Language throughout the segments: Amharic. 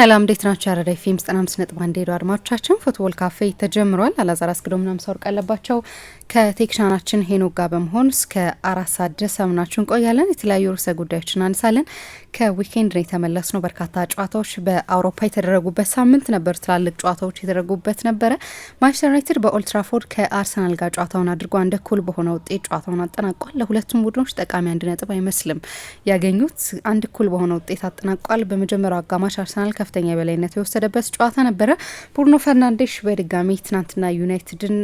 ሰላም እንዴት ናቸው? ያረዳ ፌም ዘጠና አምስት ነጥብ አንድ ሄዱ አድማጮቻችን፣ ፉትቦል ካፌ ተጀምሯል። አላዛር አስገዶም ናምሳ ሰወርቅ ያለባቸው ከቴክሻናችን ሄኖክ ጋር በመሆን እስከ አራት ሰዓት ድረስ አምናችሁ እንቆያለን። የተለያዩ ርዕሰ ጉዳዮችን አንሳለን። ከዊኬንድ ነው የተመለስ ነው። በርካታ ጨዋታዎች በአውሮፓ የተደረጉበት ሳምንት ነበር። ትላልቅ ጨዋታዎች የተደረጉበት ነበረ። ማንቸስተር ዩናይትድ በኦልትራፎርድ ከአርሰናል ጋር ጨዋታውን አድርጎ አንድ እኩል በሆነ ውጤት ጨዋታውን አጠናቋል። ለሁለቱም ቡድኖች ጠቃሚ አንድ ነጥብ አይመስልም ያገኙት፣ አንድ እኩል በሆነ ውጤት አጠናቋል። በመጀመሪያው አጋማሽ አርሰናል ከፍተኛ የበላይነት የወሰደበት ጨዋታ ነበረ። ብሩኖ ፈርናንዴሽ በድጋሚ ትናንትና ዩናይትድን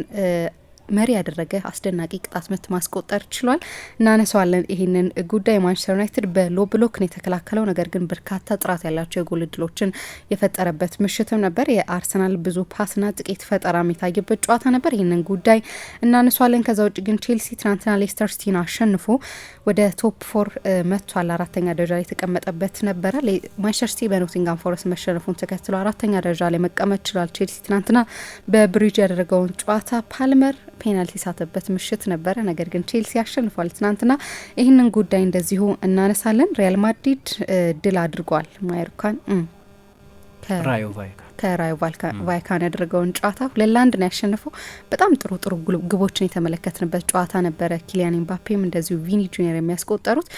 መሪ ያደረገ አስደናቂ ቅጣት ምት ማስቆጠር ችሏል። እናነሰዋለን ይህንን ጉዳይ ማንቸስተር ዩናይትድ በሎ ብሎክ ነው የተከላከለው። ነገር ግን በርካታ ጥራት ያላቸው የጎል እድሎችን የፈጠረበት ምሽትም ነበር። የአርሰናል ብዙ ፓስና ጥቂት ፈጠራም የታየበት ጨዋታ ነበር። ይህንን ጉዳይ እናነሷለን። ከዛ ውጭ ግን ቼልሲ ትናንትና ሌስተር ሲቲን አሸንፎ ወደ ቶፕ ፎር መጥቷል። አራተኛ ደረጃ ላይ የተቀመጠበት ነበረ። ማንቸስተር ሲቲ በኖቲንጋም ፎረስት መሸነፉን ተከትሎ አራተኛ ደረጃ ላይ መቀመጥ ችሏል። ቼልሲ ትናንትና በብሪጅ ያደረገውን ጨዋታ ፓልመር ፔናልቲ ሳተበት ምሽት ነበረ። ነገር ግን ቼልሲ አሸንፏል ትናንትና። ይህንን ጉዳይ እንደዚሁ እናነሳለን። ሪያል ማድሪድ ድል አድርጓል ማዮርካን ከራዮ ከራዮ ቫይካን ያደረገውን ጨዋታ ሁለት ለአንድ ነው ያሸነፈው። በጣም ጥሩ ጥሩ ግቦችን የተመለከትንበት ጨዋታ ነበረ። ኪሊያን ኤምባፔም እንደዚሁ ቪኒ ጁኒየር የሚያስቆጠሩት።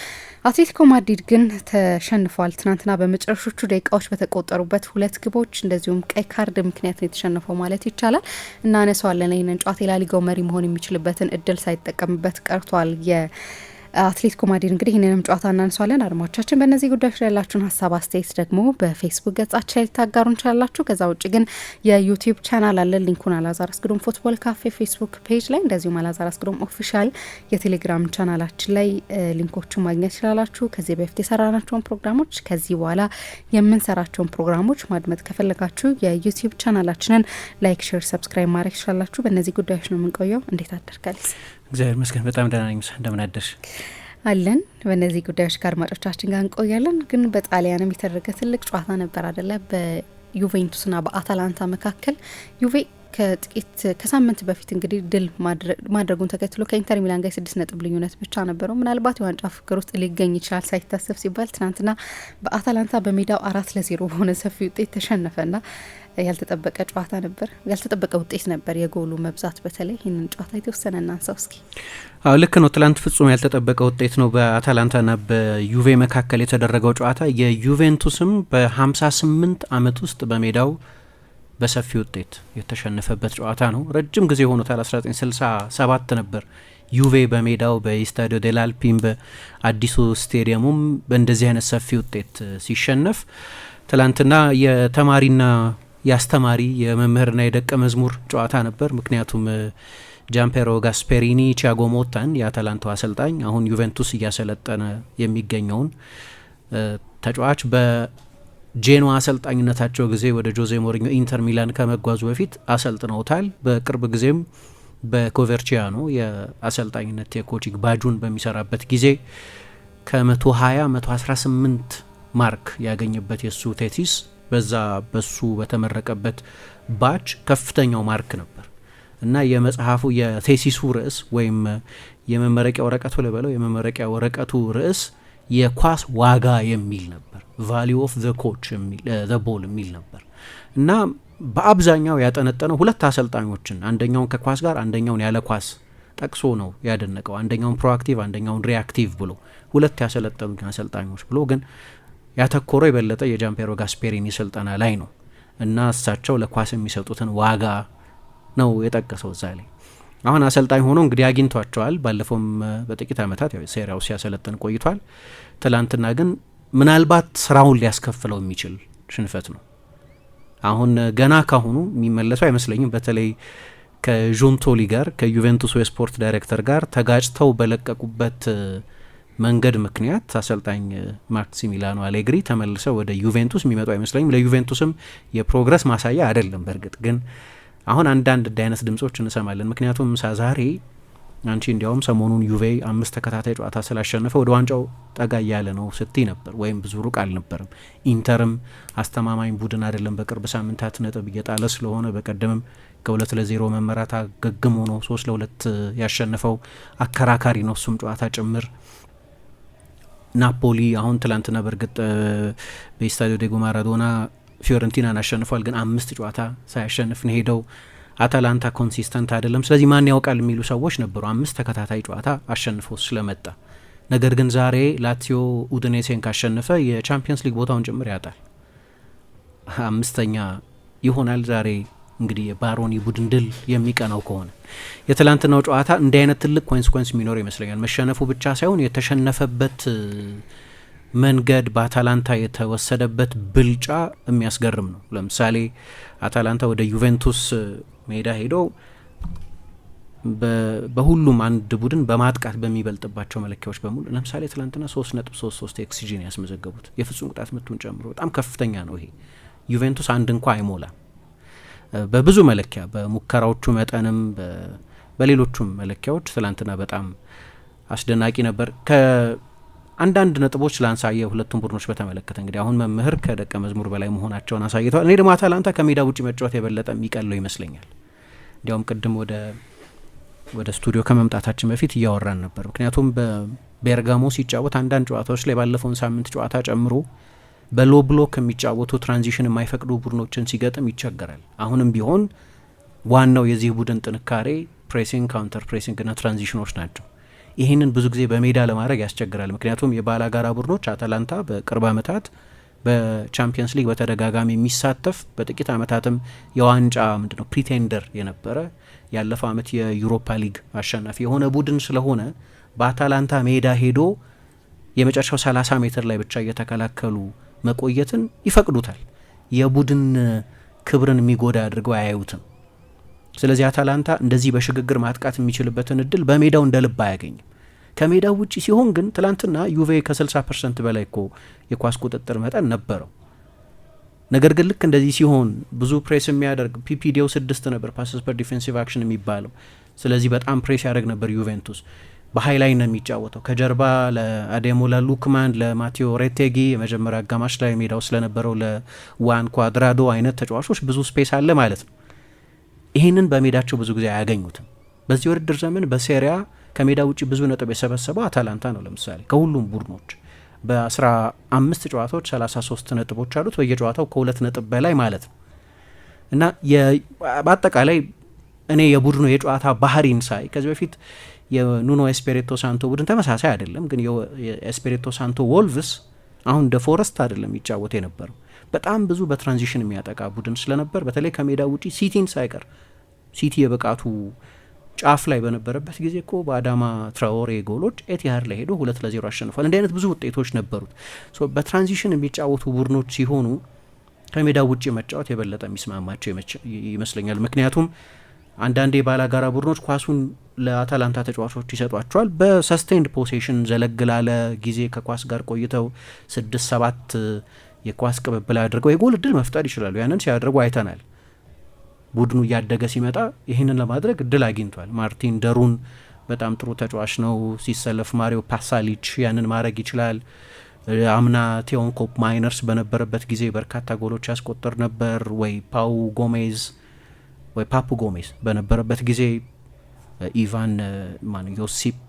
አትሌቲኮ ማድሪድ ግን ተሸንፏል። ትናንትና በመጨረሾቹ ደቂቃዎች በተቆጠሩበት ሁለት ግቦች እንደዚሁም ቀይ ካርድ ምክንያት ነው የተሸነፈው ማለት ይቻላል። እናነሳዋለን ይህንን ጨዋታ የላሊጋው መሪ መሆን የሚችልበትን እድል ሳይጠቀምበት ቀርቷል። አትሌት ኮማዲን እንግዲህ ይህንንም ጨዋታ እናንሷለን። አድማጮቻችን በእነዚህ ጉዳዮች ላይ ያላችሁን ሀሳብ አስተያየት ደግሞ በፌስቡክ ገጻችን ላይ ልታጋሩ እንችላላችሁ። ከዛ ውጭ ግን የዩቲዩብ ቻናል አለን። ሊንኩን አላዛር አስግዶም ፉትቦል ካፌ ፌስቡክ ፔጅ ላይ እንደዚሁም አላዛር አስግዶም ኦፊሻል የቴሌግራም ቻናላችን ላይ ሊንኮቹን ማግኘት ይችላላችሁ። ከዚህ በፊት የሰራናቸውን ፕሮግራሞች ከዚህ በኋላ የምንሰራቸውን ፕሮግራሞች ማድመጥ ከፈለጋችሁ የዩቲዩብ ቻናላችንን ላይክ፣ ሼር፣ ሰብስክራይብ ማድረግ ይችላላችሁ። በእነዚህ ጉዳዮች ነው የምንቆየው። እንዴት አደርካለች እግዚአብሔር ይመስገን በጣም ደህና ነኝ። እንደምን አደርሽ? አለን በእነዚህ ጉዳዮች ከአድማጮቻችን ጋር እንቆያለን። ግን በጣሊያንም የተደረገ ትልቅ ጨዋታ ነበር አደለ? በዩቬንቱስና በአታላንታ መካከል ዩቬ ከጥቂት ከሳምንት በፊት እንግዲህ ድል ማድረጉን ተከትሎ ከኢንተር ሚላን ጋር የስድስት ነጥብ ልዩነት ብቻ ነበረው። ምናልባት የዋንጫ ፍቅር ውስጥ ሊገኝ ይችላል ሳይታሰብ ሲባል ትናንትና በአታላንታ በሜዳው አራት ለዜሮ በሆነ ሰፊ ውጤት ተሸነፈና ያልተጠበቀ ጨዋታ ነበር፣ ያልተጠበቀ ውጤት ነበር። የጎሉ መብዛት በተለይ ይህንን ጨዋታ የተወሰነ እናንሳው እስኪ። አዎ ልክ ነው። ትላንት ፍጹም ያልተጠበቀ ውጤት ነው በአታላንታና በዩቬ መካከል የተደረገው ጨዋታ። የዩቬንቱስም በ58 ዓመት ውስጥ በሜዳው በሰፊ ውጤት የተሸነፈበት ጨዋታ ነው። ረጅም ጊዜ ሆኖታል። 1967 ነበር ዩቬ በሜዳው በኢስታዲዮ ዴላልፒም በአዲሱ ስቴዲየሙም በእንደዚህ አይነት ሰፊ ውጤት ሲሸነፍ ትላንትና የተማሪና የአስተማሪ የመምህርና የደቀ መዝሙር ጨዋታ ነበር። ምክንያቱም ጃምፔሮ ጋስፔሪኒ ቺያጎ ሞታን የአታላንታው አሰልጣኝ አሁን ዩቬንቱስ እያሰለጠነ የሚገኘውን ተጫዋች በ ጄኖ አሰልጣኝነታቸው ጊዜ ወደ ጆዜ ሞሪኞ ኢንተር ሚላን ከመጓዙ በፊት አሰልጥነውታል። በቅርብ ጊዜም በኮቨርቺያኖ የአሰልጣኝነት የኮቺንግ ባጁን በሚሰራበት ጊዜ ከ120 118 ማርክ ያገኘበት የእሱ ቴቲስ በዛ በሱ በተመረቀበት ባች ከፍተኛው ማርክ ነበር እና የመጽሐፉ የቴሲሱ ርዕስ ወይም የመመረቂያ ወረቀቱ ልበለው የመመረቂያ ወረቀቱ ርዕስ የኳስ ዋጋ የሚል ነበር፣ ቫሊ ኦፍ ዘ ኮች ዘ ቦል የሚል ነበር እና በአብዛኛው ያጠነጠነው ሁለት አሰልጣኞችን አንደኛውን ከኳስ ጋር አንደኛውን ያለ ኳስ ጠቅሶ ነው ያደነቀው። አንደኛውን ፕሮአክቲቭ አንደኛውን ሪአክቲቭ ብሎ ሁለት ያሰለጠኑ አሰልጣኞች ብሎ ግን ያተኮረው የበለጠ የጃምፔሮ ጋስፔሪኒ ስልጠና ላይ ነው እና እሳቸው ለኳስ የሚሰጡትን ዋጋ ነው የጠቀሰው እዛ ላይ። አሁን አሰልጣኝ ሆኖ እንግዲህ አግኝቷቸዋል። ባለፈውም በጥቂት ዓመታት ያው ሴሪያው ሲያሰለጥን ቆይቷል። ትላንትና ግን ምናልባት ስራውን ሊያስከፍለው የሚችል ሽንፈት ነው። አሁን ገና ካሁኑ የሚመለሱ አይመስለኝም። በተለይ ከዦንቶሊ ጋር ከዩቬንቱስ የስፖርት ዳይሬክተር ጋር ተጋጭተው በለቀቁበት መንገድ ምክንያት አሰልጣኝ ማክሲሚላኖ አሌግሪ ተመልሰው ወደ ዩቬንቱስ የሚመጡ አይመስለኝም። ለዩቬንቱስም የፕሮግረስ ማሳያ አይደለም። በእርግጥ ግን አሁን አንዳንድ እንዲህ አይነት ድምጾች እንሰማለን። ምክንያቱም ዛሬ አንቺ እንዲያውም ሰሞኑን ዩቬ አምስት ተከታታይ ጨዋታ ስላሸነፈ ወደ ዋንጫው ጠጋ እያለ ነው ስቲ ነበር፣ ወይም ብዙ ሩቅ አልነበርም። ኢንተርም አስተማማኝ ቡድን አይደለም፣ በቅርብ ሳምንታት ነጥብ እየጣለ ስለሆነ በቀደምም ከሁለት ለዜሮ መመራት አገግሞ ነው ሶስት ለሁለት ያሸነፈው። አከራካሪ ነው እሱም ጨዋታ ጭምር። ናፖሊ አሁን ትላንትና በእርግጥ በስታዲዮ ዴጎ ማራዶና ፊዮረንቲናን አሸንፏል፣ ግን አምስት ጨዋታ ሳያሸንፍ ነው ሄደው። አታላንታ ኮንሲስተንት አይደለም፣ ስለዚህ ማን ያውቃል የሚሉ ሰዎች ነበሩ። አምስት ተከታታይ ጨዋታ አሸንፎ ስለመጣ ነገር ግን ዛሬ ላትዮ ኡድኔሴን ካሸነፈ የቻምፒየንስ ሊግ ቦታውን ጭምር ያጣል፣ አምስተኛ ይሆናል። ዛሬ እንግዲህ የባሮኒ ቡድን ድል የሚቀናው ከሆነ የትላንትናው ጨዋታ እንዲህ አይነት ትልቅ ኮንስኮንስ የሚኖር ይመስለኛል። መሸነፉ ብቻ ሳይሆን የተሸነፈበት መንገድ በአታላንታ የተወሰደበት ብልጫ የሚያስገርም ነው። ለምሳሌ አታላንታ ወደ ዩቬንቱስ ሜዳ ሄዶ በሁሉም አንድ ቡድን በማጥቃት በሚበልጥባቸው መለኪያዎች በሙሉ ለምሳሌ ትላንትና ሶስት ነጥብ ሶስት ሶስት ኤክስጂን ያስመዘገቡት የፍጹም ቅጣት ምቱን ጨምሮ በጣም ከፍተኛ ነው። ይሄ ዩቬንቱስ አንድ እንኳ አይሞላም በብዙ መለኪያ፣ በሙከራዎቹ መጠንም በሌሎቹም መለኪያዎች ትላንትና በጣም አስደናቂ ነበር። አንዳንድ ነጥቦች ላንሳ የሁለቱም ቡድኖች በተመለከተ እንግዲህ አሁን መምህር ከደቀ መዝሙር በላይ መሆናቸውን አሳይተዋል። እኔ ደግሞ አታላንታ ከሜዳ ውጭ መጫወት የበለጠ የሚቀለው ይመስለኛል። እንዲያውም ቅድም ወደ ወደ ስቱዲዮ ከመምጣታችን በፊት እያወራን ነበር። ምክንያቱም በቤርጋሞ ሲጫወት አንዳንድ ጨዋታዎች ላይ ባለፈውን ሳምንት ጨዋታ ጨምሮ በሎ ብሎክ የሚጫወቱ ትራንዚሽን የማይፈቅዱ ቡድኖችን ሲገጥም ይቸገራል። አሁንም ቢሆን ዋናው የዚህ ቡድን ጥንካሬ ፕሬሲንግ፣ ካውንተር ፕሬሲንግ ና ትራንዚሽኖች ናቸው። ይህንን ብዙ ጊዜ በሜዳ ለማድረግ ያስቸግራል። ምክንያቱም የባላጋራ ቡድኖች አታላንታ በቅርብ ዓመታት በቻምፒየንስ ሊግ በተደጋጋሚ የሚሳተፍ በጥቂት ዓመታትም የዋንጫ ምንድነው ፕሪቴንደር የነበረ ያለፈው ዓመት የዩሮፓ ሊግ አሸናፊ የሆነ ቡድን ስለሆነ በአታላንታ ሜዳ ሄዶ የመጨረሻው 30 ሜትር ላይ ብቻ እየተከላከሉ መቆየትን ይፈቅዱታል። የቡድን ክብርን የሚጎዳ አድርገው አያዩትም። ስለዚህ አታላንታ እንደዚህ በሽግግር ማጥቃት የሚችልበትን እድል በሜዳው እንደ ልብ አያገኝም። ከሜዳው ውጭ ሲሆን ግን ትላንትና ዩቬ ከ60 ፐርሰንት በላይ እኮ የኳስ ቁጥጥር መጠን ነበረው። ነገር ግን ልክ እንደዚህ ሲሆን ብዙ ፕሬስ የሚያደርግ ፒፒዲው ስድስት ነበር ፓስስ ፐር ዲፌንሲቭ አክሽን የሚባለው ስለዚህ በጣም ፕሬስ ያደርግ ነበር ዩቬንቱስ በሀይ ላይ ነው የሚጫወተው ከጀርባ ለአዴሞ ለሉክማን ለማቴዎ ሬቴጊ የመጀመሪያ አጋማሽ ላይ ሜዳው ስለነበረው ለዋን ኳድራዶ አይነት ተጫዋቾች ብዙ ስፔስ አለ ማለት ነው ይህንን በሜዳቸው ብዙ ጊዜ አያገኙትም። በዚህ ውድድር ዘመን በሴሪያ ከሜዳ ውጭ ብዙ ነጥብ የሰበሰበው አታላንታ ነው። ለምሳሌ ከሁሉም ቡድኖች በ15 ጨዋታዎች 33 ነጥቦች አሉት። በየጨዋታው ከሁለት ነጥብ በላይ ማለት ነው እና በአጠቃላይ እኔ የቡድኑ የጨዋታ ባህሪን ሳይ ከዚህ በፊት የኑኖ ኤስፔሬቶ ሳንቶ ቡድን ተመሳሳይ አይደለም፣ ግን ኤስፔሬቶ ሳንቶ ወልቭስ አሁን ደ ፎረስት አይደለም ይጫወት የነበረው በጣም ብዙ በትራንዚሽን የሚያጠቃ ቡድን ስለነበር በተለይ ከሜዳ ውጪ ሲቲን ሳይቀር ሲቲ የብቃቱ ጫፍ ላይ በነበረበት ጊዜ እኮ በአዳማ ትራወሬ ጎሎች ኤቲሃድ ላይ ሄዶ ሁለት ለዜሮ አሸንፏል። እንዲህ አይነት ብዙ ውጤቶች ነበሩት። በትራንዚሽን የሚጫወቱ ቡድኖች ሲሆኑ ከሜዳ ውጭ መጫወት የበለጠ የሚስማማቸው ይመስለኛል። ምክንያቱም አንዳንዴ ባላጋራ ቡድኖች ኳሱን ለአታላንታ ተጫዋቾች ይሰጧቸዋል። በሰስቴንድ ፖሴሽን ዘለግ ላለ ጊዜ ከኳስ ጋር ቆይተው ስድስት ሰባት የኳስ ቅብብል አድርገው የጎል እድል መፍጠር ይችላሉ። ያንን ሲያደርጉ አይተናል። ቡድኑ እያደገ ሲመጣ ይህንን ለማድረግ እድል አግኝቷል። ማርቲን ደሩን በጣም ጥሩ ተጫዋች ነው። ሲሰለፍ ማሪዮ ፓሳሊች ያንን ማድረግ ይችላል። አምና ቴዎን ኮፕ ማይነርስ በነበረበት ጊዜ በርካታ ጎሎች ያስቆጠር ነበር። ወይ ፓው ጎሜዝ ወይ ፓፑ ጎሜዝ በነበረበት ጊዜ ኢቫን ማን ዮሲፕ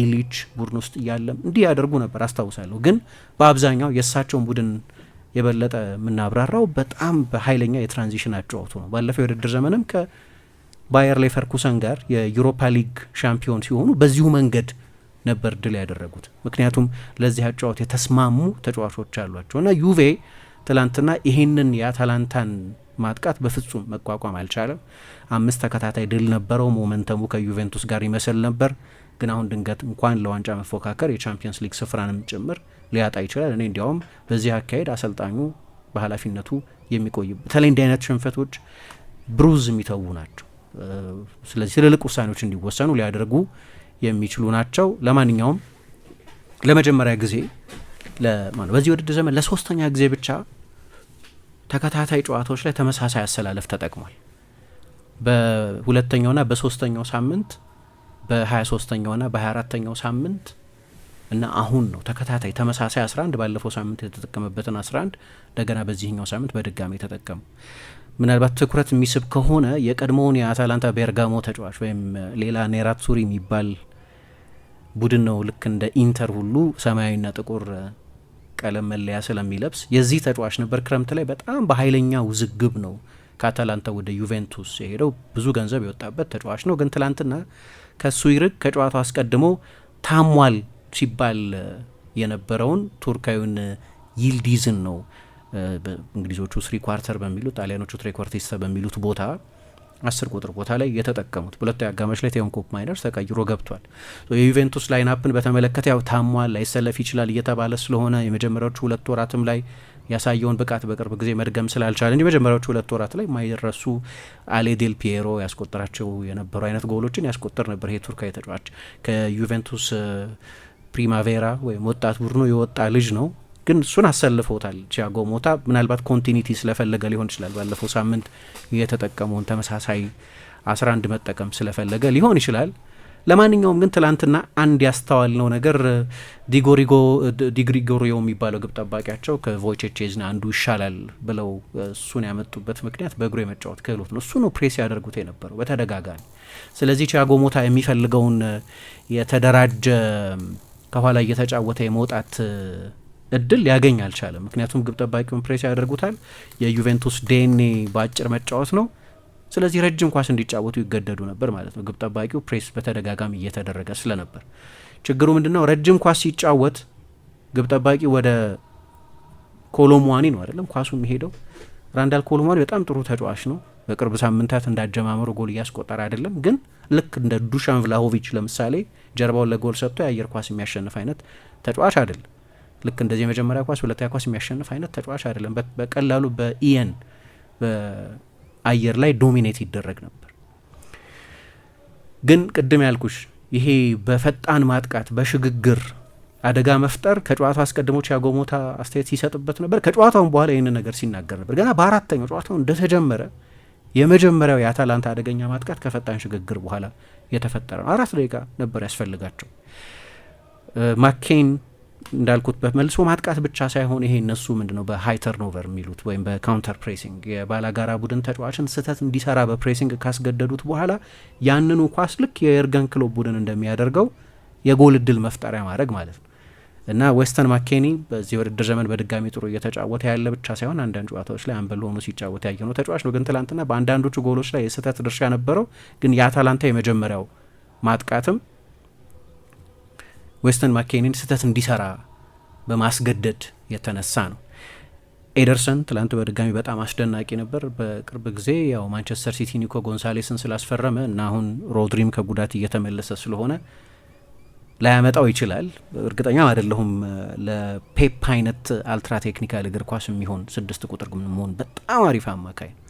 ኢሊች ቡድን ውስጥ እያለም እንዲህ ያደርጉ ነበር አስታውሳለሁ። ግን በአብዛኛው የእሳቸውን ቡድን የበለጠ የምናብራራው በጣም በኃይለኛ የትራንዚሽን አጫወቱ ነው። ባለፈው የውድድር ዘመንም ከባየር ሌቨርኩሰን ጋር የዩሮፓ ሊግ ሻምፒዮን ሲሆኑ በዚሁ መንገድ ነበር ድል ያደረጉት። ምክንያቱም ለዚህ አጫወት የተስማሙ ተጫዋቾች አሏቸው እና ዩቬ ትላንትና ይሄንን የአታላንታን ማጥቃት በፍጹም መቋቋም አልቻለም። አምስት ተከታታይ ድል ነበረው። ሞመንተሙ ከዩቬንቱስ ጋር ይመስል ነበር። ግን አሁን ድንገት እንኳን ለዋንጫ መፎካከር የቻምፒየንስ ሊግ ስፍራንም ጭምር ሊያጣ ይችላል። እኔ እንዲያውም በዚህ አካሄድ አሰልጣኙ በኃላፊነቱ የሚቆይ በተለይ እንዲህ አይነት ሽንፈቶች ብሩዝ የሚተዉ ናቸው። ስለዚህ ትልልቅ ውሳኔዎች እንዲወሰኑ ሊያደርጉ የሚችሉ ናቸው። ለማንኛውም ለመጀመሪያ ጊዜ በዚህ ውድድር ዘመን ለሶስተኛ ጊዜ ብቻ ተከታታይ ጨዋታዎች ላይ ተመሳሳይ አሰላለፍ ተጠቅሟል። በሁለተኛውና በሶስተኛው ሳምንት በ23ኛውና በ24ኛው ሳምንት እና አሁን ነው ተከታታይ ተመሳሳይ 11 ባለፈው ሳምንት የተጠቀመበትን 11 እንደገና በዚህኛው ሳምንት በድጋሚ ተጠቀሙ። ምናልባት ትኩረት የሚስብ ከሆነ የቀድሞውን የአታላንታ ቤርጋሞ ተጫዋች ወይም ሌላ ኔራቱሪ የሚባል ቡድን ነው። ልክ እንደ ኢንተር ሁሉ ሰማያዊና ጥቁር ቀለም መለያ ስለሚለብስ የዚህ ተጫዋች ነበር። ክረምት ላይ በጣም በኃይለኛ ውዝግብ ነው ከአታላንታ ወደ ዩቬንቱስ የሄደው ብዙ ገንዘብ የወጣበት ተጫዋች ነው። ግን ትላንትና ከእሱ ይርቅ ከጨዋታው አስቀድሞ ታሟል ሲባል የነበረውን ቱርካዊውን ይልዲዝን ነው እንግሊዞቹ ስሪ ኳርተር በሚሉት ጣሊያኖቹ ትሬኳርቲስታ በሚሉት ቦታ አስር ቁጥር ቦታ ላይ የተጠቀሙት። ሁለተኛ አጋማሽ ላይ ቴዎን ኮፕ ማይነርስ ተቀይሮ ገብቷል። የዩቬንቱስ ላይናፕን በተመለከተ ያው ታሟል፣ ላይሰለፍ ይችላል እየተባለ ስለሆነ የመጀመሪያዎቹ ሁለት ወራትም ላይ ያሳየውን ብቃት በቅርብ ጊዜ መድገም ስላልቻለ እንጂ መጀመሪያዎቹ ሁለት ወራት ላይ የማይረሱ አሌ ዴል ያስቆጠራቸው የነበሩ አይነት ጎሎችን ያስቆጠር ነበር። ይሄ ቱርካዊ ተጫዋች ከዩቬንቱስ ፕሪማቬራ ወይም ወጣት ቡድኑ የወጣ ልጅ ነው። ግን እሱን አሰልፈውታል። ቲያጎ ሞታ ምናልባት ኮንቲኒቲ ስለፈለገ ሊሆን ይችላል። ባለፈው ሳምንት የተጠቀመውን ተመሳሳይ አንድ መጠቀም ስለፈለገ ሊሆን ይችላል። ለማንኛውም ግን ትላንትና አንድ ያስተዋልነው ነገር ዲጎሪጎ ዲግሪጎሪዮ የሚባለው ግብ ጠባቂያቸው ከቮይቼቼዝኒ አንዱ ይሻላል ብለው እሱን ያመጡበት ምክንያት በእግሩ የመጫወት ክህሎት ነው። እሱ ነው ፕሬስ ያደርጉት የነበረው በተደጋጋሚ። ስለዚህ ቲያጎ ሞታ የሚፈልገውን የተደራጀ ከኋላ እየተጫወተ የመውጣት እድል ሊያገኝ አልቻለም። ምክንያቱም ግብ ጠባቂውን ፕሬስ ያደርጉታል። የዩቬንቱስ ዴኔ በአጭር መጫወት ነው። ስለዚህ ረጅም ኳስ እንዲጫወቱ ይገደዱ ነበር ማለት ነው። ግብ ጠባቂው ፕሬስ በተደጋጋሚ እየተደረገ ስለነበር ችግሩ ምንድነው ነው? ረጅም ኳስ ሲጫወት ግብ ጠባቂ ወደ ኮሎሙዋኒ ነው አይደለም ኳሱ የሚሄደው። ራንዳል ኮሎሙዋኒ በጣም ጥሩ ተጫዋች ነው። በቅርብ ሳምንታት እንዳጀማመሩ ጎል እያስቆጠረ አይደለም፣ ግን ልክ እንደ ዱሻን ቭላሆቪች ለምሳሌ ጀርባውን ለጎል ሰጥቶ የአየር ኳስ የሚያሸንፍ አይነት ተጫዋች አይደለም። ልክ እንደዚህ የመጀመሪያ ኳስ ሁለተኛ ኳስ የሚያሸንፍ አይነት ተጫዋች አይደለም። በቀላሉ በኢየን አየር ላይ ዶሚኔት ይደረግ ነበር። ግን ቅድም ያልኩሽ ይሄ በፈጣን ማጥቃት በሽግግር አደጋ መፍጠር ከጨዋታው አስቀድሞ ቲያጎ ሞታ አስተያየት ሲሰጥበት ነበር። ከጨዋቷን በኋላ ይህንን ነገር ሲናገር ነበር። ገና በአራተኛው ጨዋታው እንደተጀመረ የመጀመሪያው የአታላንታ አደገኛ ማጥቃት ከፈጣን ሽግግር በኋላ የተፈጠረ ነው። አራት ደቂቃ ነበር ያስፈልጋቸው ማኬን እንዳልኩት በመልሶ ማጥቃት ብቻ ሳይሆን ይሄ እነሱ ምንድ ነው በሀይ ተርኖቨር የሚሉት ወይም በካውንተር ፕሬሲንግ የባላጋራ ቡድን ተጫዋችን ስህተት እንዲሰራ በፕሬሲንግ ካስገደዱት በኋላ ያንኑ ኳስ ልክ የኤርገን ክሎብ ቡድን እንደሚያደርገው የጎል እድል መፍጠሪያ ማድረግ ማለት ነው እና ዌስተን ማኬኒ በዚህ ውድድር ዘመን በድጋሚ ጥሩ እየተጫወተ ያለ ብቻ ሳይሆን አንዳንድ ጨዋታዎች ላይ አንበል ሆኖ ሲጫወት ያየ ነው ተጫዋች ነው። ግን ትላንትና በአንዳንዶቹ ጎሎች ላይ የስህተት ድርሻ ነበረው። ግን የአታላንታ የመጀመሪያው ማጥቃትም ዌስተን ማኬኒን ስህተት እንዲሰራ በማስገደድ የተነሳ ነው። ኤደርሰን ትላንት በድጋሚ በጣም አስደናቂ ነበር። በቅርብ ጊዜ ያው ማንቸስተር ሲቲ ኒኮ ጎንሳሌስን ስላስፈረመ እና አሁን ሮድሪም ከጉዳት እየተመለሰ ስለሆነ ላያመጣው ይችላል። እርግጠኛም አይደለሁም። ለፔፕ አይነት አልትራ ቴክኒካል እግር ኳስ የሚሆን ስድስት ቁጥር መሆን በጣም አሪፍ አማካይ ነው።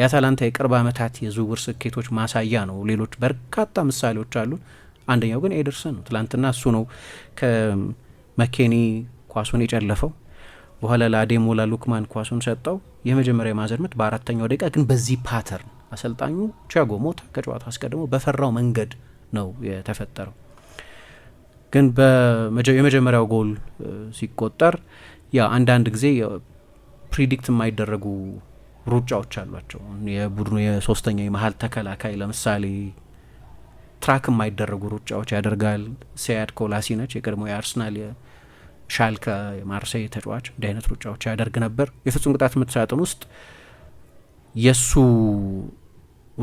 የአታላንታ የቅርብ ዓመታት የዝውውር ስኬቶች ማሳያ ነው። ሌሎች በርካታ ምሳሌዎች አሉን። አንደኛው ግን ኤደርሰን ነው። ትላንትና እሱ ነው ከመኬኒ ኳሱን የጨለፈው። በኋላ ለአዴሞላ ሉክማን ኳሱን ሰጠው። የመጀመሪያ የማዕዘን ምት በአራተኛው ደቂቃ ግን በዚህ ፓተርን አሰልጣኙ ቻጎ ሞታ ከጨዋታ አስቀድሞ በፈራው መንገድ ነው የተፈጠረው። ግን የመጀመሪያው ጎል ሲቆጠር ያ አንዳንድ ጊዜ ፕሪዲክት የማይደረጉ ሩጫዎች አሏቸው። የቡድኑ የሶስተኛ የመሀል ተከላካይ ለምሳሌ ትራክ የማይደረጉ ሩጫዎች ያደርጋል። ሲያድ ኮላሲነች የቀድሞ የአርሰናል ሻልከ የማርሴይ ተጫዋች እንዲህ አይነት ሩጫዎች ያደርግ ነበር። የፍጹም ቅጣት ምት ሳጥን ውስጥ የእሱ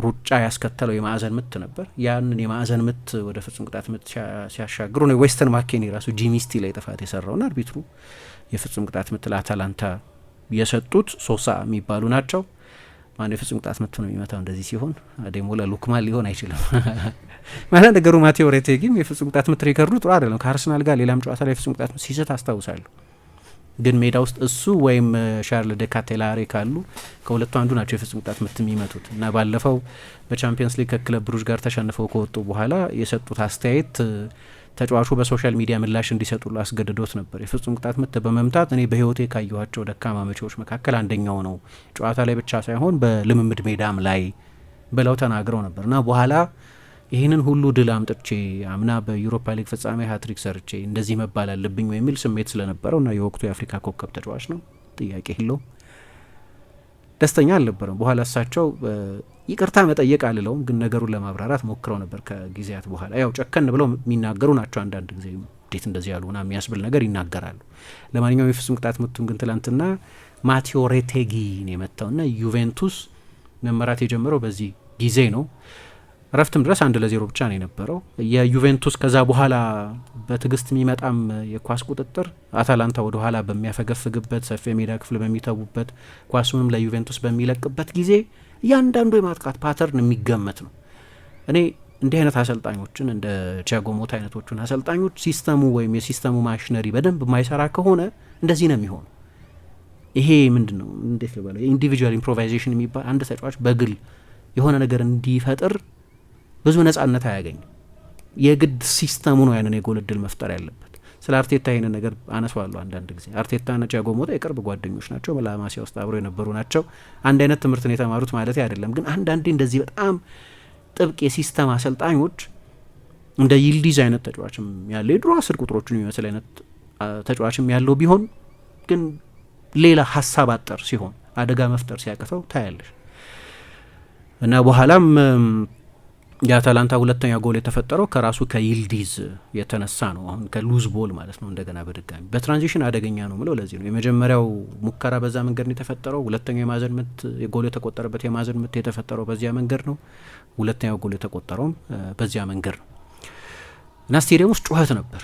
ሩጫ ያስከተለው የማዕዘን ምት ነበር። ያንን የማዕዘን ምት ወደ ፍጹም ቅጣት ምት ሲያሻግሩ ነው ዌስተን ማኬኒ ራሱ ጂሚስቲ ላይ ጥፋት የሰራውን አርቢትሩ የፍጹም ቅጣት ምት ለአታላንታ የሰጡት ሶሳ የሚባሉ ናቸው። ማን የፍጹም ቅጣት ምት ነው የሚመታው? እንደዚህ ሲሆን አዴሞላ ሉክማን ሊሆን አይችልም። ማለት ነገሩ ማቴዎ ሬቴጊም የፍጹም ቅጣት ምት ሪከርዱ ጥሩ አይደለም። ከአርሰናል ጋር ሌላም ጨዋታ ላይ የፍጹም ቅጣት ምት ሲሰጥ አስታውሳለሁ። ግን ሜዳ ውስጥ እሱ ወይም ሻርል ደካቴላሪ ካሉ ከሁለቱ አንዱ ናቸው የፍጹም ቅጣት ምት የሚመቱት እና ባለፈው በቻምፒየንስ ሊግ ከክለብ ብሩጅ ጋር ተሸንፈው ከወጡ በኋላ የሰጡት አስተያየት ተጫዋቹ በሶሻል ሚዲያ ምላሽ እንዲሰጡሉ አስገድዶት ነበር። የፍጹም ቅጣት ምት በመምታት እኔ በህይወቴ ካየኋቸው ደካማ መቼዎች መካከል አንደኛው ነው፣ ጨዋታ ላይ ብቻ ሳይሆን በልምምድ ሜዳም ላይ ብለው ተናግረው ነበር እና በኋላ ይህንን ሁሉ ድል አምጥቼ አምና በዩሮፓ ሊግ ፍጻሜ ሀትሪክ ሰርቼ እንደዚህ መባል አለብኝ የሚል ስሜት ስለነበረው እና የወቅቱ የአፍሪካ ኮከብ ተጫዋች ነው፣ ጥያቄ የለውም። ደስተኛ አልነበረም። በኋላ እሳቸው ይቅርታ መጠየቅ አልለውም፣ ግን ነገሩን ለማብራራት ሞክረው ነበር ከጊዜያት በኋላ። ያው ጨከን ብለው የሚናገሩ ናቸው። አንዳንድ ጊዜ እንዴት እንደዚህ ያሉ ና የሚያስብል ነገር ይናገራሉ። ለማንኛውም የፍጹም ቅጣት ምቱን ግን ትላንትና ማቴዎ ሬቴጊ ነው የመታው ና ዩቬንቱስ መመራት የጀመረው በዚህ ጊዜ ነው። ረፍትም ድረስ አንድ ለዜሮ ብቻ ነው የነበረው። የዩቬንቱስ ከዛ በኋላ በትዕግስት የሚመጣም የኳስ ቁጥጥር አታላንታ ወደ ኋላ በሚያፈገፍግበት ሰፊ የሜዳ ክፍል በሚተዉበት ኳሱንም ለዩቬንቱስ በሚለቅበት ጊዜ እያንዳንዱ የማጥቃት ፓተርን የሚገመት ነው። እኔ እንዲህ አይነት አሰልጣኞችን እንደ ቲያጎ ሞታ አይነቶቹን አሰልጣኞች ሲስተሙ ወይም የሲስተሙ ማሽነሪ በደንብ የማይሰራ ከሆነ እንደዚህ ነው የሚሆኑ። ይሄ ምንድን ነው እንዴት ልበለው፣ ኢምፕሮቫይዜሽን የሚባል አንድ ተጫዋች በግል የሆነ ነገር እንዲፈጥር ብዙ ነጻነት አያገኝም። የግድ ሲስተሙ ነው ያንን የጎል እድል መፍጠር ያለበት። ስለ አርቴታ ይህንን ነገር አነሳዋለሁ አንዳንድ ጊዜ። አርቴታ እና ቲያጎ ሞታ የቅርብ ጓደኞች ናቸው። በላማሲያ ውስጥ አብረው የነበሩ ናቸው። አንድ አይነት ትምህርትን የተማሩት ማለት አይደለም፣ ግን አንዳንዴ እንደዚህ በጣም ጥብቅ የሲስተም አሰልጣኞች እንደ ይልዲዝ አይነት ተጫዋችም ያለው የድሮ አስር ቁጥሮችን የሚመስል አይነት ተጫዋችም ያለው ቢሆን ግን ሌላ ሀሳብ አጠር ሲሆን አደጋ መፍጠር ሲያቅተው ታያለሽ እና በኋላም የአታላንታ ሁለተኛ ጎል የተፈጠረው ከራሱ ከይልዲዝ የተነሳ ነው። አሁን ከሉዝ ቦል ማለት ነው። እንደገና በድጋሚ በትራንዚሽን አደገኛ ነው ምለው ለዚህ ነው። የመጀመሪያው ሙከራ በዛ መንገድ ነው የተፈጠረው። ሁለተኛው የማዘን ምት ጎል የተቆጠረበት የማዘን ምት የተፈጠረው በዚያ መንገድ ነው። ሁለተኛው ጎል የተቆጠረውም በዚያ መንገድ ነው እና ስቴዲየም ውስጥ ጩኸት ነበር።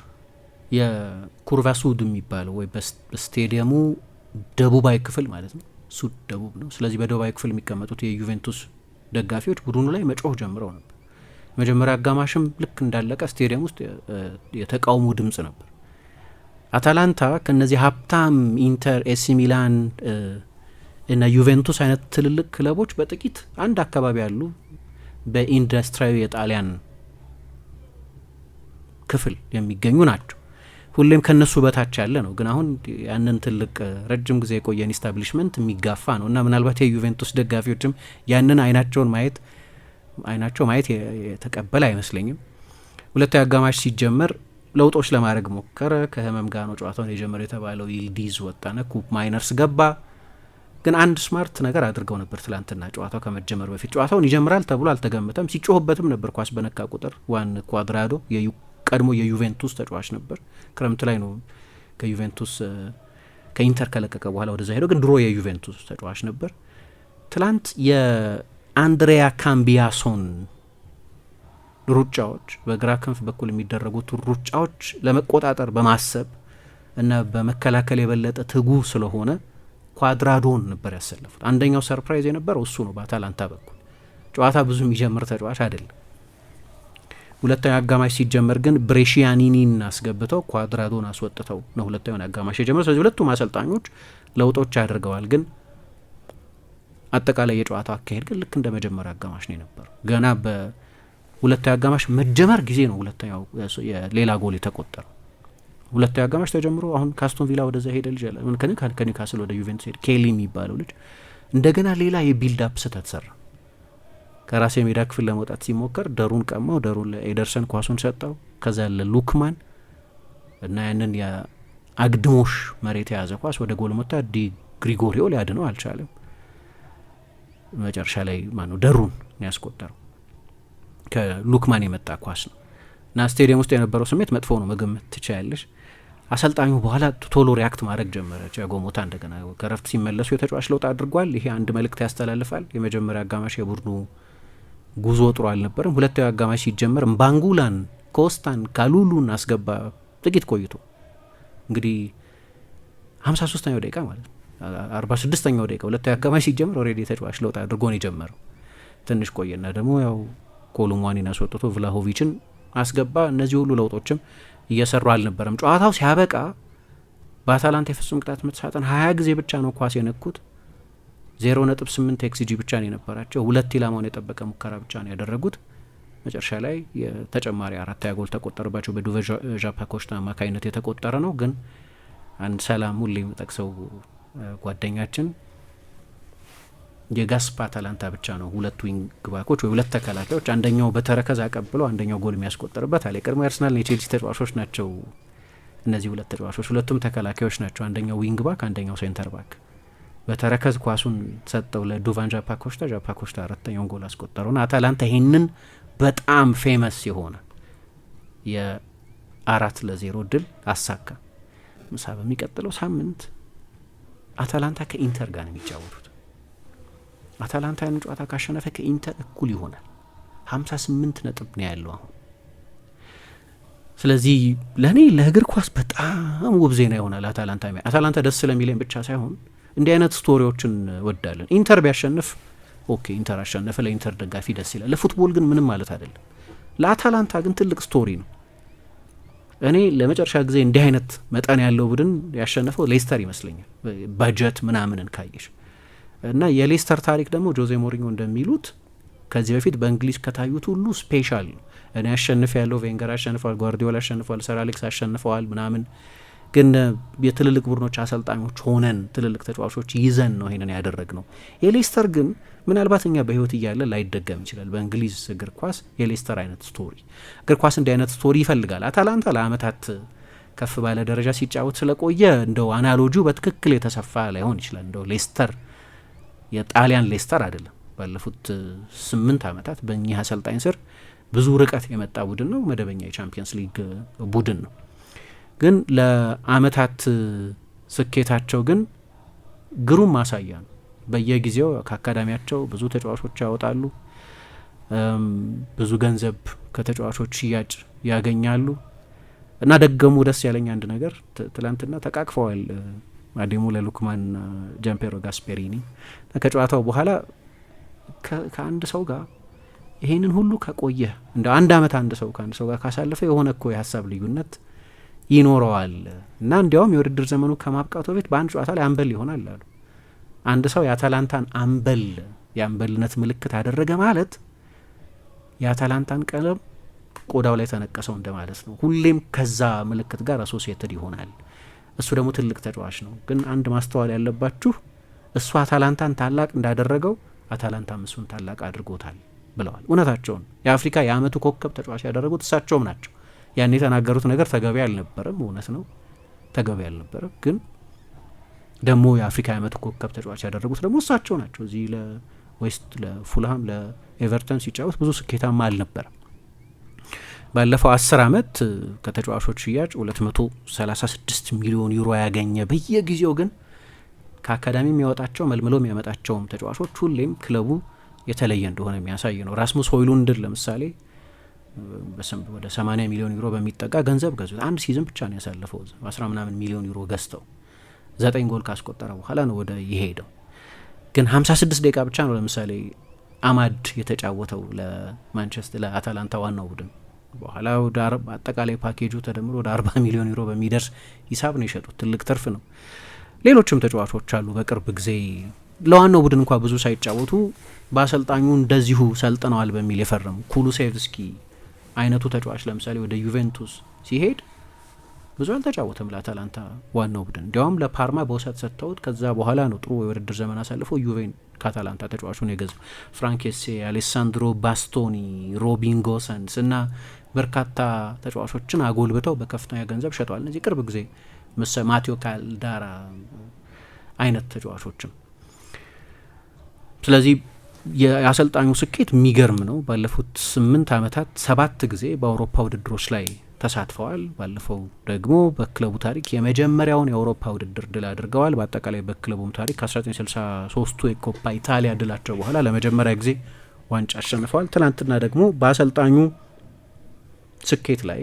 የኩርቫሱድ የሚባለው ወይ በስቴዲየሙ ደቡባዊ ክፍል ማለት ነው። ሱድ ደቡብ ነው። ስለዚህ በደቡባዊ ክፍል የሚቀመጡት የዩቬንቱስ ደጋፊዎች ቡድኑ ላይ መጮህ ጀምረው ነበር። መጀመሪያ አጋማሽም ልክ እንዳለቀ ስቴዲየም ውስጥ የተቃውሞ ድምጽ ነበር። አታላንታ ከነዚህ ሀብታም ኢንተር፣ ኤሲ ሚላን እና ዩቬንቱስ አይነት ትልልቅ ክለቦች በጥቂት አንድ አካባቢ ያሉ በኢንዱስትሪያዊ የጣሊያን ክፍል የሚገኙ ናቸው። ሁሌም ከነሱ በታች ያለ ነው። ግን አሁን ያንን ትልቅ ረጅም ጊዜ የቆየን ኢስታብሊሽመንት የሚጋፋ ነው እና ምናልባት የዩቬንቱስ ደጋፊዎችም ያንን አይናቸውን ማየት አይናቸው ማየት የተቀበለ አይመስለኝም። ሁለታዊ አጋማሽ ሲጀመር ለውጦች ለማድረግ ሞከረ። ከህመም ጋር ነው ጨዋታውን የጀመረው የተባለው ይልዲዝ ወጣነ፣ ኩፕ ማይነርስ ገባ። ግን አንድ ስማርት ነገር አድርገው ነበር ትላንትና። ጨዋታው ከመጀመር በፊት ጨዋታውን ይጀምራል ተብሎ አልተገመተም። ሲጮህበትም ነበር ኳስ በነካ ቁጥር። ዋን ኳድራዶ ቀድሞ የዩቬንቱስ ተጫዋች ነበር። ክረምት ላይ ነው ከዩቬንቱስ ከኢንተር ከለቀቀ በኋላ ወደዛ ሄደው፣ ግን ድሮ የዩቬንቱስ ተጫዋች ነበር። ትላንት አንድሬያ ካምቢያሶን ሩጫዎች በግራ ክንፍ በኩል የሚደረጉት ሩጫዎች ለመቆጣጠር በማሰብ እና በመከላከል የበለጠ ትጉህ ስለሆነ ኳድራዶን ነበር ያሰለፉት። አንደኛው ሰርፕራይዝ የነበረው እሱ ነው። በአታላንታ በኩል ጨዋታ ብዙ የሚጀምር ተጫዋች አይደለም። ሁለተኛው አጋማሽ ሲጀመር ግን ብሬሺያኒኒን አስገብተው ኳድራዶን አስወጥተው ነው ሁለተኛውን አጋማሽ የጀመረው። ስለዚህ ሁለቱም አሰልጣኞች ለውጦች አድርገዋል ግን አጠቃላይ የጨዋታው አካሄድ ግን ልክ እንደ መጀመሪያ አጋማሽ ነው የነበረው። ገና በሁለተኛው አጋማሽ መጀመር ጊዜ ነው ሁለተኛው ሌላ ጎል የተቆጠረው። ሁለተኛው አጋማሽ ተጀምሮ አሁን ካስቶን ቪላ ወደዛ ሄደ ልጅ ከኒውካስል ወደ ዩቬንቱስ ሄደ ኬሊ የሚባለው ልጅ እንደገና ሌላ የቢልድ አፕ ስህተት ሰራ። ከራሴ የሜዳ ክፍል ለመውጣት ሲሞከር ደሩን ቀማው። ደሩን ለኤደርሰን ኳሱን ሰጠው። ከዛ ያለ ሉክማን እና ያንን የአግድሞሽ መሬት የያዘ ኳስ ወደ ጎል መታ። ዲ ግሪጎሪዮ ሊያድነው አልቻለም። መጨረሻ ላይ ማነው ደሩን ያስቆጠረው ከሉክማን የመጣ ኳስ ነው እና ስቴዲየም ውስጥ የነበረው ስሜት መጥፎ ነው መገመት ትችያለሽ። አሰልጣኙ በኋላ ቶሎ ሪያክት ማድረግ ጀመረ። ቲያጎ ሞታ እንደገና ከረፍት ሲመለሱ የተጫዋች ለውጥ አድርጓል። ይሄ አንድ መልእክት ያስተላልፋል። የመጀመሪያ አጋማሽ የቡድኑ ጉዞ ጥሩ አልነበርም። ሁለተኛው አጋማሽ ሲጀመር ምባንጉላን፣ ኮስታን፣ ካሉሉን አስገባ። ጥቂት ቆይቶ እንግዲህ ሀምሳ ሶስተኛው ደቂቃ ማለት ነው አርባ ስድስተኛው ደቂቃ ሁለቱ አጋማሽ ሲጀምር ኦልሬዲ ተጫዋች ለውጥ አድርጎ ነው የጀመረው። ትንሽ ቆየና ደግሞ ያው ኮሉሙዋኒን አስወጥቶ ቭላሆቪችን አስገባ። እነዚህ ሁሉ ለውጦችም እየሰሩ አልነበረም። ጨዋታው ሲያበቃ በአታላንታ የፍጹም ቅጣት ምት ሳጥን ሀያ ጊዜ ብቻ ነው ኳስ የነኩት። ዜሮ ነጥብ ስምንት ኤክስጂ ብቻ ነው የነበራቸው። ሁለት ኢላማውን የጠበቀ ሙከራ ብቻ ነው ያደረጉት። መጨረሻ ላይ የተጨማሪ አራት ጎል ተቆጠረባቸው። በዱቨ ዣፓኮስታ አማካኝነት የተቆጠረ ነው። ግን አንድ ሰላም ሁሌ የምጠቅሰው ጓደኛችን የጋስፓ አታላንታ ብቻ ነው ሁለት ዊንግ ባኮች ወይ ሁለት ተከላካዮች አንደኛው በተረከዝ አቀብሎ አንደኛው ጎል የሚያስቆጠርበት አለ። የቀድሞ የአርሰናል የቼልሲ ተጫዋቾች ናቸው እነዚህ ሁለት ተጫዋቾች፣ ሁለቱም ተከላካዮች ናቸው። አንደኛው ዊንግ ባክ፣ አንደኛው ሴንተር ባክ። በተረከዝ ኳሱን ሰጠው ለዱቫን ጃፓ ኮሽታ፣ ጃፓ ኮሽታ አራተኛውን ጎል አስቆጠረውና አታላንታ ይህንን በጣም ፌመስ የሆነ የአራት ለዜሮ ድል አሳካ። ምሳ በሚቀጥለው ሳምንት አታላንታ ከኢንተር ጋር ነው የሚጫወቱት። አታላንታ ያን ጨዋታ ካሸነፈ ከኢንተር እኩል ይሆናል። 58 ነጥብ ነው ያለው አሁን። ስለዚህ ለእኔ ለእግር ኳስ በጣም ውብ ዜና ይሆናል አታላንታ። አታላንታ ደስ ስለሚለኝ ብቻ ሳይሆን እንዲህ አይነት ስቶሪዎችን ወዳለን። ኢንተር ቢያሸንፍ ኦኬ፣ ኢንተር አሸነፈ፣ ለኢንተር ደጋፊ ደስ ይላል። ለፉትቦል ግን ምንም ማለት አይደለም። ለአታላንታ ግን ትልቅ ስቶሪ ነው። እኔ ለመጨረሻ ጊዜ እንዲህ አይነት መጠን ያለው ቡድን ያሸነፈው ሌስተር ይመስለኛል፣ በጀት ምናምንን ካየሽ እና የሌስተር ታሪክ ደግሞ ጆዜ ሞሪኞ እንደሚሉት ከዚህ በፊት በእንግሊዝ ከታዩት ሁሉ ስፔሻል ነው። እኔ አሸንፍ ያለው ቬንገር አሸንፏል፣ ጓርዲዮላ አሸንፏል፣ ሰር አሌክስ አሸንፈዋል ምናምን ግን የትልልቅ ቡድኖች አሰልጣኞች ሆነን ትልልቅ ተጫዋቾች ይዘን ነው ይሄንን ያደረግ ነው። የሌስተር ግን ምናልባት እኛ በህይወት እያለ ላይደገም ይችላል። በእንግሊዝ እግር ኳስ የሌስተር አይነት ስቶሪ እግር ኳስ እንዲህ አይነት ስቶሪ ይፈልጋል። አታላንታ ለአመታት ከፍ ባለ ደረጃ ሲጫወት ስለቆየ እንደው አናሎጂ በትክክል የተሰፋ ላይሆን ይችላል። እንደው ሌስተር የጣሊያን ሌስተር አይደለም። ባለፉት ስምንት አመታት በእኚህ አሰልጣኝ ስር ብዙ ርቀት የመጣ ቡድን ነው። መደበኛ የቻምፒየንስ ሊግ ቡድን ነው። ግን ለአመታት ስኬታቸው ግን ግሩም ማሳያ ነው። በየጊዜው ከአካዳሚያቸው ብዙ ተጫዋቾች ያወጣሉ። ብዙ ገንዘብ ከተጫዋቾች ሽያጭ ያገኛሉ። እና ደገሙ ደስ ያለኝ አንድ ነገር ትላንትና ተቃቅፈዋል አዴሞላ ሉክማን ጃምፔሮ ጋስፔሪኒ ከጨዋታው በኋላ ከአንድ ሰው ጋር ይሄንን ሁሉ ከቆየ እንደ አንድ አመት አንድ ሰው ከአንድ ሰው ጋር ካሳለፈ የሆነ እኮ የሀሳብ ልዩነት ይኖረዋል እና እንዲያውም የውድድር ዘመኑ ከማብቃቱ በፊት በአንድ ጨዋታ ላይ አምበል ይሆናል አሉ። አንድ ሰው የአታላንታን አምበል የአምበልነት ምልክት አደረገ ማለት የአታላንታን ቀለም ቆዳው ላይ ተነቀሰው እንደማለት ነው። ሁሌም ከዛ ምልክት ጋር አሶሲየትድ ይሆናል። እሱ ደግሞ ትልቅ ተጫዋች ነው። ግን አንድ ማስተዋል ያለባችሁ እሱ አታላንታን ታላቅ እንዳደረገው አታላንታም እሱን ታላቅ አድርጎታል ብለዋል። እውነታቸውን። የአፍሪካ የአመቱ ኮከብ ተጫዋች ያደረጉት እሳቸውም ናቸው። ያን የተናገሩት ነገር ተገቢ አልነበረም። እውነት ነው፣ ተገቢ አልነበረም። ግን ደግሞ የአፍሪካ ዓመት ኮከብ ተጫዋች ያደረጉት ደግሞ እሳቸው ናቸው። እዚህ ለዌስት ለፉልሃም ለኤቨርተን ሲጫወት ብዙ ስኬታማ አልነበረም። ባለፈው አስር አመት ከተጫዋቾች ሽያጭ መቶ ስድስት ሚሊዮን ዩሮ ያገኘ በየጊዜው ግን ከአካዳሚ የሚያወጣቸው መልምሎ የሚያመጣቸውም ተጫዋቾች ሁሌም ክለቡ የተለየ እንደሆነ የሚያሳይ ነው። ራስሙስ ሆይሉንድን ለምሳሌ ወደ 80 ሚሊዮን ዩሮ በሚጠጋ ገንዘብ ገዙት። አንድ ሲዝን ብቻ ነው ያሳለፈው አስራ ምናምን ሚሊዮን ዩሮ ገዝተው ዘጠኝ ጎል ካስቆጠረ በኋላ ነው ወደ ይሄደው። ግን 56 ደቂቃ ብቻ ነው ለምሳሌ አማድ የተጫወተው ለማንቸስተር ለአታላንታ ዋናው ቡድን። በኋላ ወደ አጠቃላይ ፓኬጁ ተደምሮ ወደ 40 ሚሊዮን ዩሮ በሚደርስ ሂሳብ ነው የሸጡት። ትልቅ ትርፍ ነው። ሌሎችም ተጫዋቾች አሉ በቅርብ ጊዜ ለዋናው ቡድን እንኳ ብዙ ሳይጫወቱ በአሰልጣኙ እንደዚሁ ሰልጥነዋል በሚል የፈረሙ ኩሉሴቭስኪ አይነቱ ተጫዋች ለምሳሌ ወደ ዩቬንቱስ ሲሄድ ብዙ አልተጫወተም ለአታላንታ ዋናው ቡድን እንዲያውም ለፓርማ በውሰት ሰጥተውት ከዛ በኋላ ነው ጥሩ የውድድር ዘመን አሳልፎ ዩቬን ከአታላንታ ተጫዋቹን የገዛው። ፍራንኬሴ፣ አሌሳንድሮ ባስቶኒ፣ ሮቢን ጎሰንስ እና በርካታ ተጫዋቾችን አጎልብተው በከፍተኛ ገንዘብ ሸጠዋል። እነዚህ ቅርብ ጊዜ ማቴዮ ካልዳራ አይነት ተጫዋቾችም ስለዚህ የአሰልጣኙ ስኬት የሚገርም ነው። ባለፉት ስምንት ዓመታት ሰባት ጊዜ በአውሮፓ ውድድሮች ላይ ተሳትፈዋል። ባለፈው ደግሞ በክለቡ ታሪክ የመጀመሪያውን የአውሮፓ ውድድር ድል አድርገዋል። በአጠቃላይ በክለቡም ታሪክ ከ1963ቱ የኮፓ ኢታሊያ ድላቸው በኋላ ለመጀመሪያ ጊዜ ዋንጫ አሸንፈዋል። ትናንትና ደግሞ በአሰልጣኙ ስኬት ላይ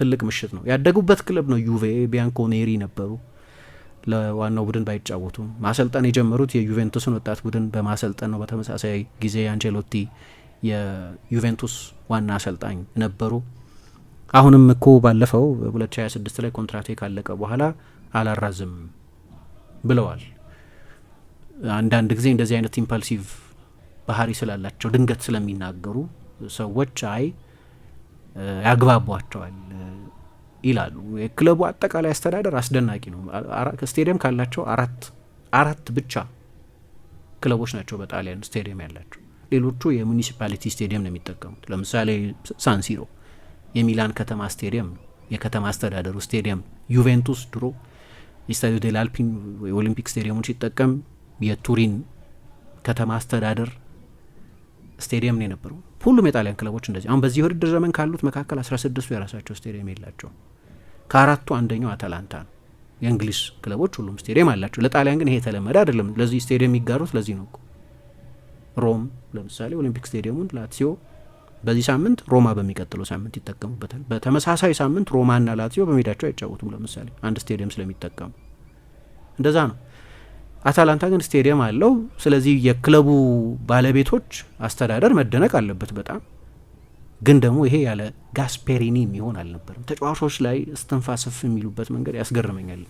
ትልቅ ምሽት ነው። ያደጉበት ክለብ ነው ዩቬ፣ ቢያንኮኔሪ ነበሩ። ለዋናው ቡድን ባይጫወቱም ማሰልጠን የጀመሩት የዩቬንቱስን ወጣት ቡድን በማሰልጠን ነው። በተመሳሳይ ጊዜ አንቸሎቲ የዩቬንቱስ ዋና አሰልጣኝ ነበሩ። አሁንም እኮ ባለፈው 2026 ላይ ኮንትራቴ ካለቀ በኋላ አላራዝም ብለዋል። አንዳንድ ጊዜ እንደዚህ አይነት ኢምፐልሲቭ ባህሪ ስላላቸው ድንገት ስለሚናገሩ ሰዎች አይ ያግባቧቸዋል ይላሉ። የክለቡ አጠቃላይ አስተዳደር አስደናቂ ነው። ስቴዲየም ካላቸው አራት አራት ብቻ ክለቦች ናቸው በጣሊያን ስቴዲየም ያላቸው። ሌሎቹ የሙኒሲፓሊቲ ስቴዲየም ነው የሚጠቀሙት። ለምሳሌ ሳንሲሮ የሚላን ከተማ ስቴዲየም ነው፣ የከተማ አስተዳደሩ ስቴዲየም። ዩቬንቱስ ድሮ የስታዲዮ ዴል አልፒን የኦሊምፒክ ስቴዲየሙን ሲጠቀም የቱሪን ከተማ አስተዳደር ስቴዲየም ነው የነበረው። ሁሉም የጣሊያን ክለቦች እንደዚህ አሁን በዚህ ውድድር ዘመን ካሉት መካከል አስራ ስድስቱ የራሳቸው ስቴዲየም የላቸውም። ከአራቱ አንደኛው አታላንታ ነው። የእንግሊዝ ክለቦች ሁሉም ስቴዲየም አላቸው። ለጣሊያን ግን ይሄ የተለመደ አይደለም። ለዚህ ስቴዲየም የሚጋሩት ለዚህ ነው። ሮም ለምሳሌ ኦሊምፒክ ስቴዲየሙን ላትሲዮ በዚህ ሳምንት፣ ሮማ በሚቀጥለው ሳምንት ይጠቀሙበታል። በተመሳሳይ ሳምንት ሮማና ላትሲዮ በሜዳቸው አይጫወቱም። ለምሳሌ አንድ ስቴዲየም ስለሚጠቀሙ እንደዛ ነው። አታላንታ ግን ስቴዲየም አለው። ስለዚህ የክለቡ ባለቤቶች አስተዳደር መደነቅ አለበት በጣም ግን ደግሞ ይሄ ያለ ጋስፔሪኒ የሚሆን አልነበርም። ተጫዋቾች ላይ እስትንፋስፍ የሚሉበት መንገድ ያስገርመኛል።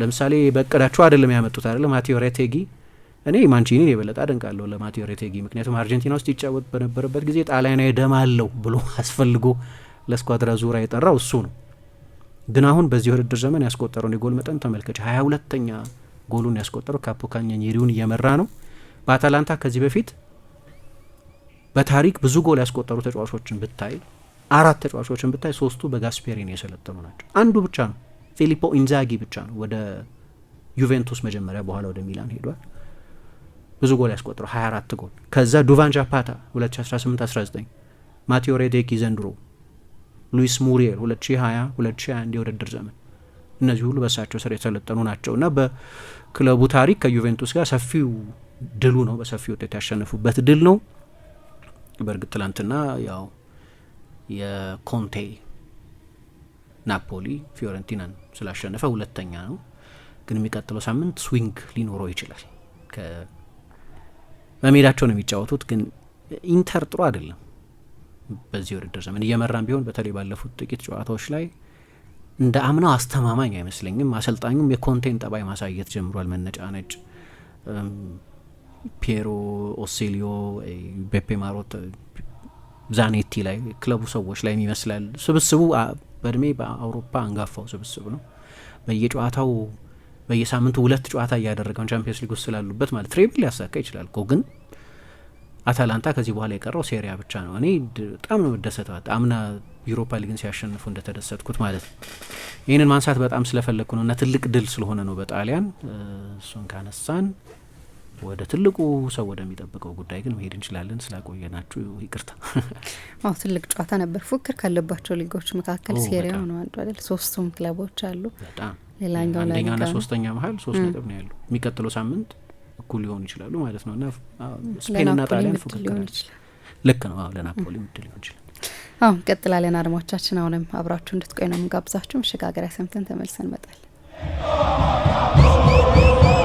ለምሳሌ በቀዳቸው አይደለም ያመጡት አይደለ ማቴዮ ሬቴጊ። እኔ ማንቺኒን የበለጠ አደንቃለሁ ለማቴዮ ሬቴጊ፣ ምክንያቱም አርጀንቲና ውስጥ ይጫወት በነበረበት ጊዜ ጣሊያናዊ ደም አለው ብሎ አስፈልጎ ለስኳድራ ዙራ የጠራው እሱ ነው። ግን አሁን በዚህ ውድድር ዘመን ያስቆጠረውን የጎል መጠን ተመልከች። ሀያ ሁለተኛ ጎሉን ያስቆጠረው ካፖ ካኛኝሪውን እየመራ ነው። በአታላንታ ከዚህ በፊት በታሪክ ብዙ ጎል ያስቆጠሩ ተጫዋቾችን ብታይ አራት ተጫዋቾችን ብታይ ሶስቱ በጋስፔሪኒ የሰለጠኑ ናቸው። አንዱ ብቻ ነው ፊሊፖ ኢንዛጊ ብቻ ነው ወደ ዩቬንቱስ መጀመሪያ በኋላ ወደ ሚላን ሄዷል። ብዙ ጎል ያስቆጠሩ 24 ጎል። ከዛ ዱቫን ጃፓታ 2018/19 ማቴዎ ሬዴኪ ዘንድሮ ሉዊስ ሙሪየል 2020 2021 የውድድር ዘመን እነዚህ ሁሉ በእሳቸው ስር የተሰለጠኑ ናቸው እና በክለቡ ታሪክ ከዩቬንቱስ ጋር ሰፊው ድሉ ነው። በሰፊ ውጤት ያሸነፉበት ድል ነው። በእርግጥ ትላንትና ያው የኮንቴ ናፖሊ ፊዮረንቲናን ስላሸነፈ ሁለተኛ ነው፣ ግን የሚቀጥለው ሳምንት ስዊንግ ሊኖረው ይችላል። በሜዳቸው ነው የሚጫወቱት። ግን ኢንተር ጥሩ አይደለም በዚህ ውድድር ዘመን እየመራም ቢሆን በተለይ ባለፉት ጥቂት ጨዋታዎች ላይ እንደ አምናው አስተማማኝ አይመስለኝም። አሰልጣኙም የኮንቴን ጠባይ ማሳየት ጀምሯል። መነጫ ነጭ። ፒየሮ ኦሴሊዮ፣ ቤፔ ማሮት፣ ዛኔቲ ላይ ክለቡ ሰዎች ላይ ይመስላል። ስብስቡ በእድሜ በአውሮፓ አንጋፋው ስብስብ ነው። በየጨዋታው በየሳምንቱ ሁለት ጨዋታ እያደረገውን ቻምፒየንስ ሊግ ውስጥ ስላሉበት ማለት ትሬብል ሊያሳካ ይችላል እኮ ግን አታላንታ ከዚህ በኋላ የቀረው ሴሪያ ብቻ ነው። እኔ በጣም ነው መደሰተው አምና ዩሮፓ ሊግን ሲያሸንፉ እንደተደሰትኩት ማለት ነው። ይህንን ማንሳት በጣም ስለፈለግኩ ነው እና ትልቅ ድል ስለሆነ ነው በጣሊያን እሱን ካነሳን ወደ ትልቁ ሰው ወደሚጠብቀው ጉዳይ ግን መሄድ እንችላለን። ስላቆየናችሁ ይቅርታ። አዎ ትልቅ ጨዋታ ነበር። ፉክክር ካለባቸው ሊጎች መካከል ሴሪያው ነው አንዱ አይደል? ሶስቱም ክለቦች አሉ። በጣም ሶስተኛ መሀል ሶስት ነጥብ ነው ያሉ። የሚቀጥለው ሳምንት እኩል ሊሆኑ ይችላሉ ማለት ነው እና ና ጣሊያን ፉክክር ልክ ነው። አዎ ለናፖሊ ምድል ሊሆን ይችላል። አሁ ቀጥላለን። አድማቻችን አሁንም አብራችሁ እንድትቆይ ነው የምጋብዛችሁ። መሸጋገሪያ ሰምተን ተመልሰን እንመጣለን።